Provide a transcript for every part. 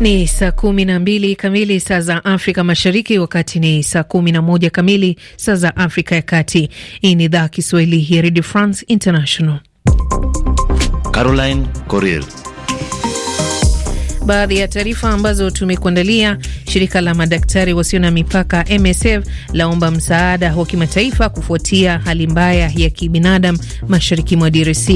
Ni saa kumi na mbili kamili saa za Afrika Mashariki, wakati ni saa kumi na moja kamili saa za Afrika ya Kati. Hii ni idhaa Kiswahili ya redio France International. Caroline Coril baadhi ya taarifa ambazo tumekuandalia. Shirika la madaktari wasio na mipaka MSF laomba msaada wa kimataifa kufuatia hali mbaya ya kibinadamu mashariki mwa DRC.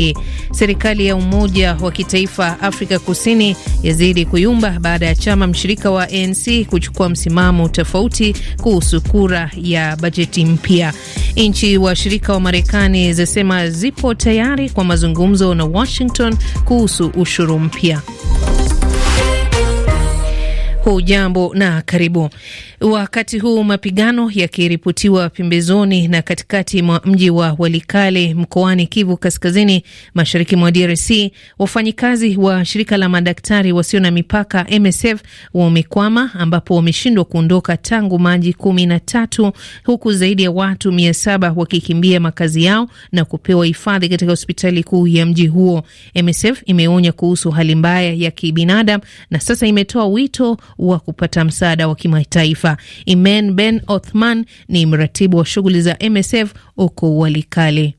Serikali ya umoja wa kitaifa Afrika Kusini yazidi kuyumba baada ya chama mshirika wa ANC kuchukua msimamo tofauti kuhusu kura ya bajeti mpya. Nchi washirika wa Marekani zasema zipo tayari kwa mazungumzo na Washington kuhusu ushuru mpya. Hujambo na karibu. Wakati huu mapigano yakiripotiwa pembezoni na katikati mwa mji wa Walikale mkoani Kivu Kaskazini, mashariki mwa DRC, wafanyikazi wa shirika la madaktari wasio na mipaka MSF wamekwama, ambapo wameshindwa kuondoka tangu maji kumi na tatu, huku zaidi ya watu mia saba wakikimbia makazi yao na kupewa hifadhi katika hospitali kuu ya mji huo. MSF imeonya kuhusu hali mbaya ya kibinadamu na sasa imetoa wito wa kupata msaada wa kimataifa. Imen Ben Othman ni mratibu wa shughuli za MSF huko Walikale.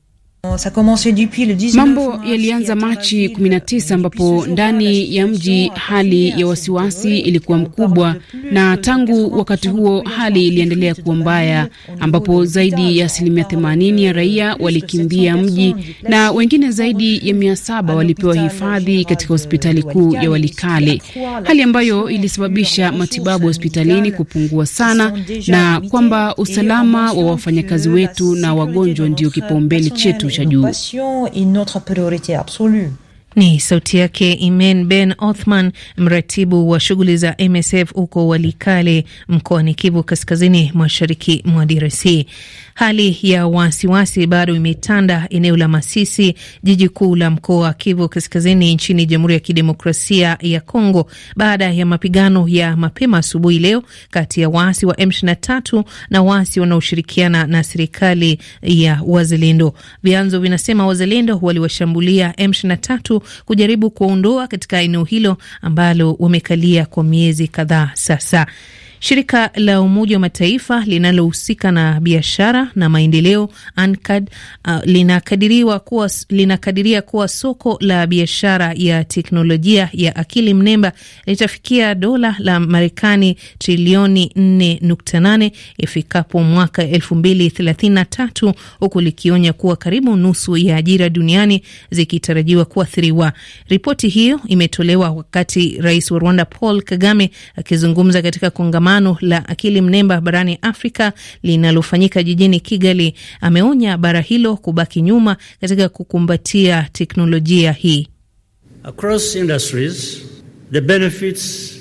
Mambo yalianza Machi 19 ambapo ndani ya mji hali ya wasiwasi ilikuwa mkubwa, na tangu wakati huo hali iliendelea kuwa mbaya, ambapo zaidi ya asilimia 80 ya raia walikimbia mji na wengine zaidi ya mia saba walipewa hifadhi katika hospitali kuu ya Walikale, hali ambayo ilisababisha matibabu hospitalini kupungua sana, na kwamba usalama wa wafanyakazi wetu na wagonjwa ndio kipaumbele chetu. une passion et notre priorité absolue. Ni sauti yake Imen Ben Othman, mratibu wa shughuli za MSF huko Walikale mkoani Kivu Kaskazini, mashariki mwa DRC. Hali ya wasiwasi bado imetanda eneo la Masisi, jiji kuu la mkoa wa Kivu Kaskazini nchini Jamhuri ya Kidemokrasia ya Kongo, baada ya mapigano ya mapema asubuhi leo kati ya waasi wa M23 na waasi wanaoshirikiana na serikali ya Wazalendo. Vyanzo vinasema Wazalendo waliwashambulia M23 kujaribu kuondoa katika eneo hilo ambalo wamekalia kwa miezi kadhaa sasa. Shirika la Umoja wa Mataifa linalohusika na biashara na maendeleo ANCAD uh, linakadiriwa kuwa, linakadiria kuwa soko la biashara ya teknolojia ya akili mnemba litafikia dola la Marekani trilioni 4.8 ifikapo mwaka 2033 huku likionya kuwa karibu nusu ya ajira duniani zikitarajiwa kuathiriwa. Ripoti hiyo imetolewa wakati Rais wa Rwanda Paul Kagame akizungumza katika kongamano kongamano la akili mnemba barani Afrika linalofanyika jijini Kigali, ameonya bara hilo kubaki nyuma katika kukumbatia teknolojia hii. Across industries, the benefits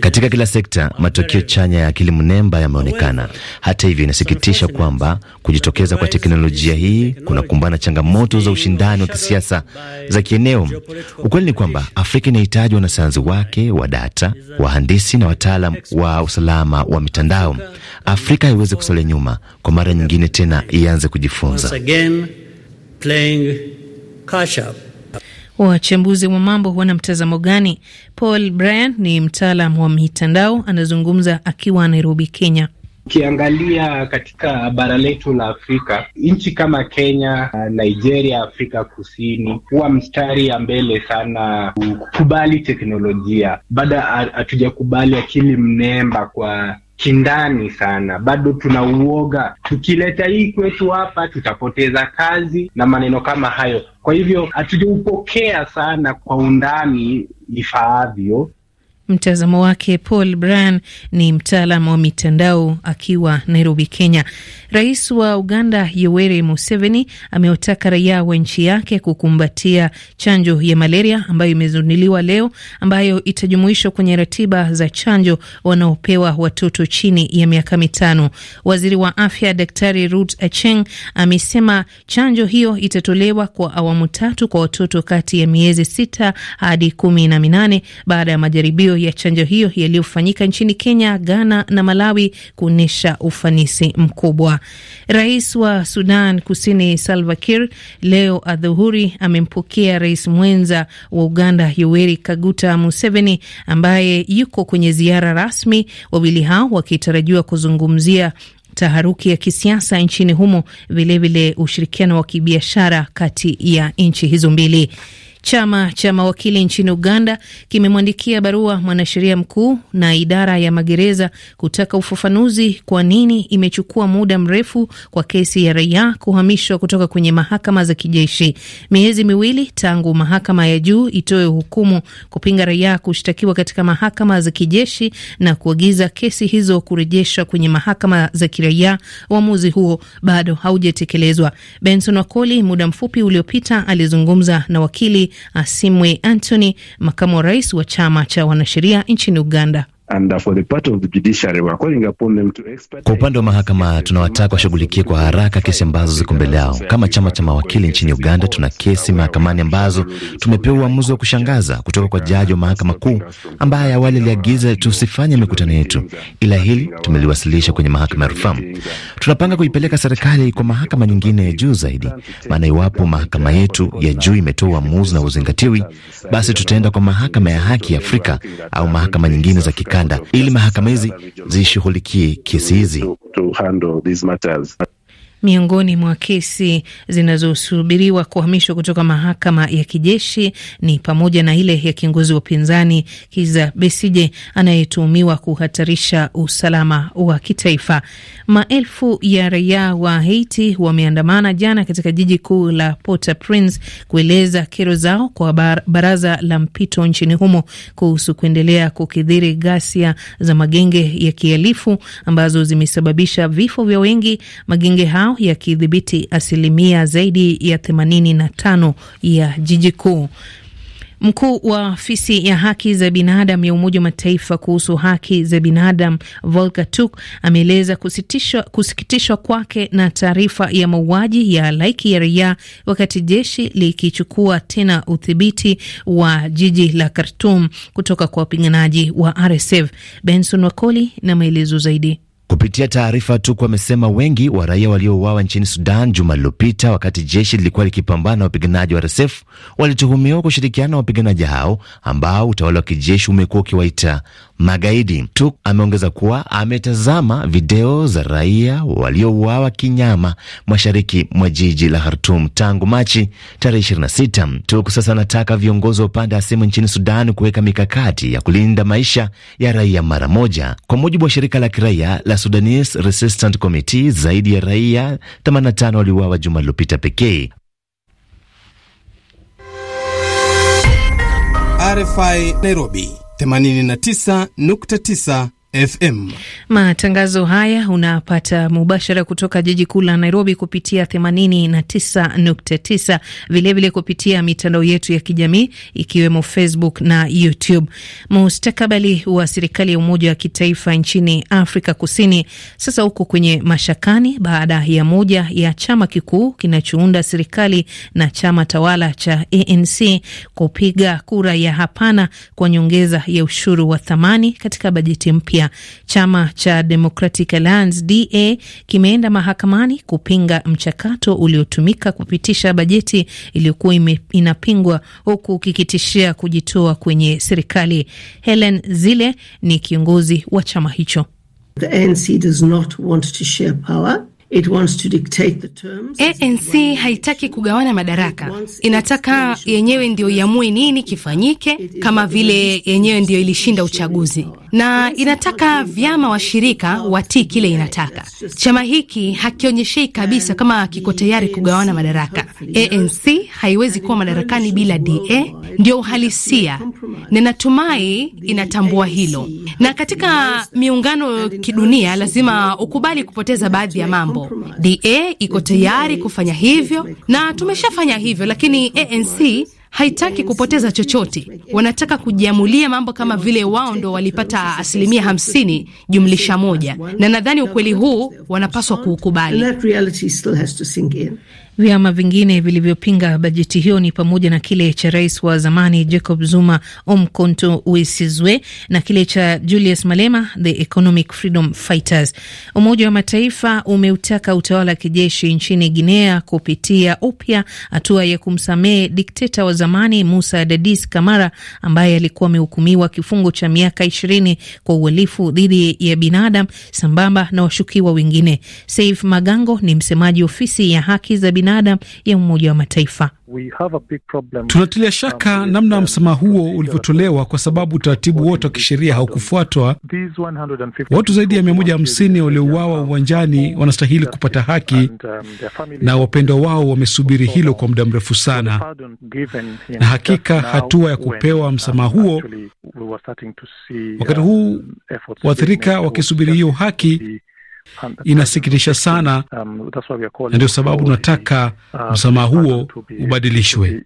katika kila sekta matokeo chanya ya akili mnemba yameonekana. Hata hivyo, inasikitisha kwamba kujitokeza kwa teknolojia hii kunakumbana changamoto za ushindani wa kisiasa za kieneo. Ukweli ni kwamba Afrika inahitaji wanasayansi wake wa data, wahandisi na wataalam wa usalama wa mitandao. Afrika haiwezi kusalia nyuma, kwa mara nyingine tena ianze kujifunza. Wachambuzi wa mambo wana mtazamo gani? Paul Bryan ni mtaalam wa mitandao, anazungumza akiwa Nairobi, Kenya. Ukiangalia katika bara letu la Afrika, nchi kama Kenya, Nigeria, Afrika Kusini huwa mstari ya mbele sana kukubali teknolojia. Bado hatujakubali akili mnemba kwa kindani sana, bado tuna uoga, tukileta hii kwetu hapa tutapoteza kazi na maneno kama hayo. Kwa hivyo hatujaupokea sana kwa undani ifaavyo, Mtazamo wake Paul Bran ni mtaalamu wa mitandao akiwa Nairobi, Kenya. Rais wa Uganda Yoweri Museveni amewataka raia wa nchi yake kukumbatia chanjo ya malaria ambayo imezinduliwa leo, ambayo itajumuishwa kwenye ratiba za chanjo wanaopewa watoto chini ya miaka mitano. Waziri wa afya Daktari Ruth Acheng amesema chanjo hiyo itatolewa kwa awamu tatu kwa watoto kati ya miezi sita hadi kumi na minane baada ya majaribio ya chanjo hiyo yaliyofanyika nchini Kenya, Ghana na Malawi kuonyesha ufanisi mkubwa. Rais wa Sudan Kusini Salva Kiir leo adhuhuri amempokea rais mwenza wa Uganda Yoweri Kaguta Museveni ambaye yuko kwenye ziara rasmi, wawili hao wakitarajiwa kuzungumzia taharuki ya kisiasa nchini humo, vilevile ushirikiano wa kibiashara kati ya nchi hizo mbili. Chama cha mawakili nchini Uganda kimemwandikia barua mwanasheria mkuu na idara ya magereza kutaka ufafanuzi kwa nini imechukua muda mrefu kwa kesi ya raia kuhamishwa kutoka kwenye mahakama za kijeshi. Miezi miwili tangu mahakama ya juu itoe hukumu kupinga raia kushtakiwa katika mahakama za kijeshi na kuagiza kesi hizo kurejeshwa kwenye mahakama za kiraia, uamuzi huo bado haujatekelezwa. Benson Wakoli muda mfupi uliopita alizungumza na wakili Asimwe ah, Anthony, makamu wa rais wa chama cha wanasheria nchini Uganda. Kwa upande wa mahakama tunawataka washughulikie kwa haraka kesi ambazo ziko mbele yao. Kama chama cha mawakili nchini Uganda, tuna kesi mahakamani ambazo tumepewa uamuzi wa kushangaza kutoka kwa jaji wa mahakama kuu ambaye awali aliagiza tusifanye mikutano yetu, ila hili tumeliwasilisha kwenye mahakama ya rufaa. Tunapanga kuipeleka serikali kwa mahakama nyingine ya juu zaidi, maana iwapo mahakama yetu ya juu imetoa uamuzi na uzingatiwi, basi tutaenda kwa mahakama ya haki ya Afrika au mahakama nyingine za kikanda kikanda ili mahakama hizi zishughulikie kesi hizi. Miongoni mwa kesi zinazosubiriwa kuhamishwa kutoka mahakama ya kijeshi ni pamoja na ile ya kiongozi wa upinzani Kiza Besije anayetuhumiwa kuhatarisha usalama wa kitaifa. Maelfu ya raia wa Haiti wameandamana jana katika jiji kuu la Port-au-Prince kueleza kero zao kwa baraza la mpito nchini humo kuhusu kuendelea kukidhiri ghasia za magenge ya kihalifu ambazo zimesababisha vifo vya wengi. Magenge ha yao yakidhibiti asilimia zaidi ya 85 ya jiji kuu. Mkuu wa ofisi ya haki za binadamu ya Umoja wa Mataifa kuhusu haki za binadamu Volker Turk ameeleza kusikitishwa kwake na taarifa ya mauaji ya halaiki ya raia wakati jeshi likichukua tena udhibiti wa jiji la Khartoum kutoka kwa wapiganaji wa RSF. Benson Wakoli na maelezo zaidi. Kupitia taarifa tu kuwa amesema wengi wa raia waliouawa nchini Sudan juma lililopita, wakati jeshi lilikuwa likipambana na wapiganaji wa RSF, walituhumiwa kushirikiana na wapiganaji hao ambao utawala wa kijeshi umekuwa ukiwaita magaidi. Tuk ameongeza kuwa ametazama video za raia waliouawa kinyama mashariki mwa jiji la hartum tangu Machi tarehe 26. Tuk sasa anataka viongozi wa upande hasimu nchini Sudan kuweka mikakati ya kulinda maisha ya raia mara moja. Kwa mujibu wa shirika la kiraia la Sudanese Resistance Committee, zaidi ya raia 85 waliuawa juma lililopita pekee. RFI Nairobi 89.9 FM. Matangazo haya unapata mubashara kutoka jiji kuu la Nairobi kupitia 89.9, vilevile kupitia mitandao yetu ya kijamii ikiwemo Facebook na YouTube. Mustakabali wa serikali ya umoja wa kitaifa nchini Afrika Kusini sasa huko kwenye mashakani baada ya moja ya chama kikuu kinachounda serikali na chama tawala cha ANC kupiga kura ya hapana kwa nyongeza ya ushuru wa thamani katika bajeti mpya Chama cha Democratic Alliance DA kimeenda mahakamani kupinga mchakato uliotumika kupitisha bajeti iliyokuwa inapingwa, huku kikitishia kujitoa kwenye serikali. Helen Zille ni kiongozi wa chama hicho. The ANC does not want to share power. It wants to dictate the terms. ANC haitaki kugawana madaraka, inataka yenyewe ndio iamue nini kifanyike, kama vile yenyewe ndio ilishinda uchaguzi, na inataka vyama washirika watii kile inataka. Chama hiki hakionyeshei kabisa kama kiko tayari kugawana madaraka. ANC haiwezi kuwa madarakani bila DA, ndio uhalisia, na natumai inatambua hilo. Na katika miungano kidunia lazima ukubali kupoteza baadhi ya mambo mambo. DA iko tayari kufanya hivyo na tumeshafanya hivyo, lakini ANC haitaki kupoteza chochote. Wanataka kujiamulia mambo kama vile wao ndo walipata asilimia hamsini jumlisha moja, na nadhani ukweli huu wanapaswa kuukubali. Vyama vingine vilivyopinga bajeti hiyo ni pamoja na kile cha rais wa zamani Jacob Zuma Umkhonto Wesizwe na kile cha Julius Malema the Economic Freedom Fighters. Umoja wa Mataifa umeutaka utawala wa kijeshi nchini Guinea kupitia upya hatua ya kumsamehe dikteta wa zamani Musa Dadis Kamara ambaye alikuwa amehukumiwa kifungo cha miaka ishirini kwa uhalifu dhidi ya binadamu sambamba na washukiwa wengine. Saif Magango ni msemaji ofisi ya haki za binadamu binadamu ya Umoja wa Mataifa. Tunatilia shaka um, namna um, msamaha um, huo ulivyotolewa kwa sababu utaratibu wote wa kisheria haukufuatwa. Watu zaidi ya 150 waliouawa uwanjani wanastahili kupata haki, na wapendwa wao wamesubiri hilo kwa muda mrefu sana, na hakika hatua ya kupewa msamaha huo, wakati huu waathirika wakisubiri hiyo haki Inasikitisha um, sana, um, na ndio sababu tunataka msamaha huo ubadilishwe.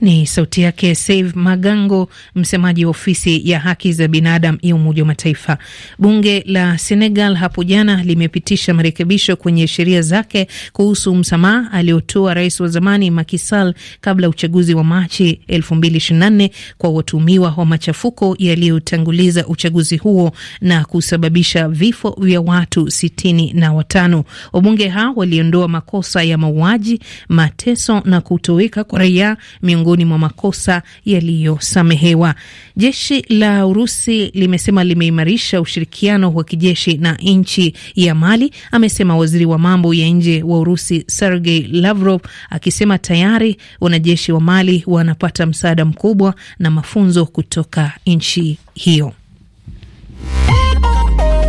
Ni sauti yake Save Magango, msemaji wa ofisi ya haki za binadamu ya Umoja wa Mataifa. Bunge la Senegal hapo jana limepitisha marekebisho kwenye sheria zake kuhusu msamaha aliotoa rais wa zamani Macky Sall kabla ya uchaguzi wa Machi 2024 kwa watumiwa wa machafuko yaliyotanguliza uchaguzi huo na kusababisha vifo vya watu sitini na watano. Wabunge hao waliondoa makosa ya mauaji, mateso na kutoweka kwa raia miongoni miongoni mwa makosa yaliyosamehewa. Jeshi la Urusi limesema limeimarisha ushirikiano wa kijeshi na nchi ya Mali, amesema waziri wa mambo ya nje wa Urusi Sergei Lavrov, akisema tayari wanajeshi wa Mali wanapata msaada mkubwa na mafunzo kutoka nchi hiyo.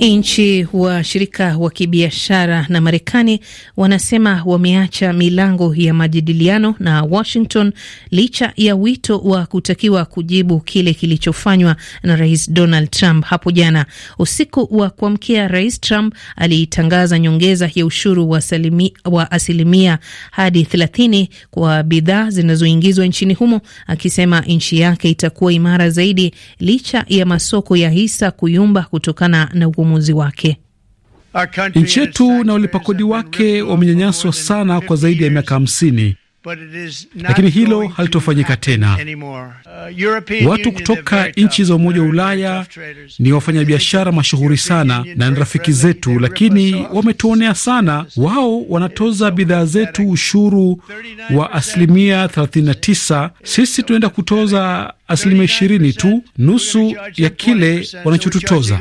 Nchi wa shirika wa kibiashara na Marekani wanasema wameacha milango ya majadiliano na Washington licha ya wito wa kutakiwa kujibu kile kilichofanywa na Rais Donald Trump hapo jana. Usiku wa kuamkia, Rais Trump alitangaza nyongeza ya ushuru wa, salimi, wa asilimia hadi 30 kwa bidhaa zinazoingizwa nchini humo, akisema nchi yake itakuwa imara zaidi licha ya masoko ya hisa kuyumba kutokana na ugumu uamuzi wake. Nchi yetu na walipakodi wake wamenyanyaswa sana kwa zaidi ya miaka hamsini, lakini hilo halitofanyika tena. Uh, Watu kutoka nchi za Umoja wa Ulaya ni wafanyabiashara mashuhuri sana na ni rafiki zetu, lakini wametuonea sana. Wao wanatoza bidhaa zetu ushuru wa asilimia 39, sisi tunaenda kutoza asilimia ishirini tu, nusu ya kile wanachotutoza.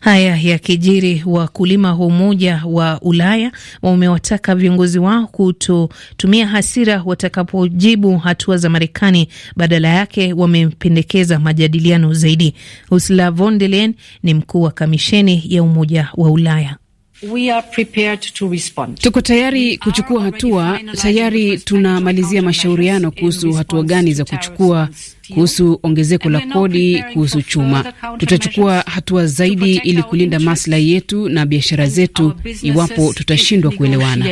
Haya yakijiri, wakulima wa Umoja wa Ulaya wamewataka viongozi wao kutotumia hasira watakapojibu hatua za Marekani. Badala yake wamependekeza majadiliano zaidi. Ursula von der Leyen ni mkuu wa kamisheni ya Umoja wa Ulaya. We are prepared to respond. Tuko tayari kuchukua hatua. Tayari tunamalizia mashauriano kuhusu hatua gani za kuchukua, kuhusu ongezeko la kodi, kuhusu chuma. Tutachukua hatua zaidi ili kulinda maslahi yetu na biashara zetu iwapo tutashindwa kuelewana.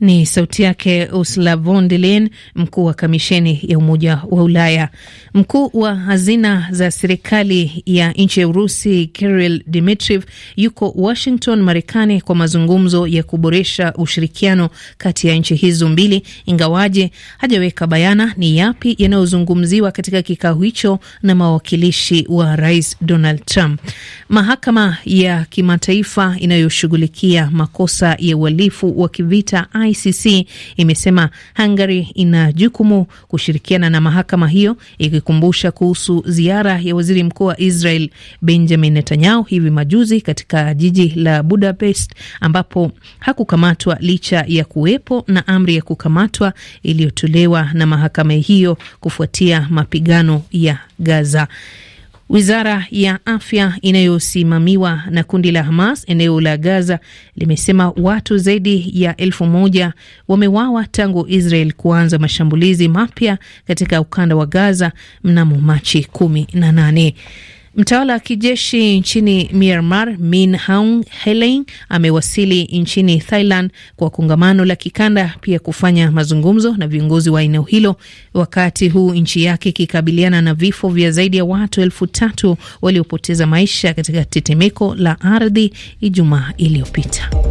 Ni sauti yake Ursula von der Leyen, mkuu wa kamisheni ya Umoja wa Ulaya. Mkuu wa hazina za serikali ya nchi ya Urusi Kirill Dmitriev yuko Washington, Marekani, kwa mazungumzo ya kuboresha ushirikiano kati ya nchi hizo mbili, ingawaje hajaweka bayana ni yapi yanayozungumziwa katika kikao hicho na mawakilishi wa rais Donald Trump. Mahakama ya Kimataifa inayoshughulikia makosa ya uhalifu wa kivita ICC imesema Hungary ina jukumu kushirikiana na mahakama hiyo, ikikumbusha kuhusu ziara ya waziri mkuu wa Israel Benjamin Netanyahu hivi majuzi katika jiji la Budapest, ambapo hakukamatwa licha ya kuwepo na amri ya kukamatwa iliyotolewa na mahakama hiyo kufuatia mapigano ya Gaza. Wizara ya afya inayosimamiwa na kundi la Hamas eneo la Gaza limesema watu zaidi ya elfu moja wamewawa tangu Israel kuanza mashambulizi mapya katika ukanda wa Gaza mnamo Machi kumi na nane. Mtawala wa kijeshi nchini Myanmar Min Aung Hlaing amewasili nchini Thailand kwa kongamano la kikanda, pia kufanya mazungumzo na viongozi wa eneo hilo, wakati huu nchi yake ikikabiliana na vifo vya zaidi ya watu elfu tatu waliopoteza maisha katika tetemeko la ardhi Ijumaa iliyopita.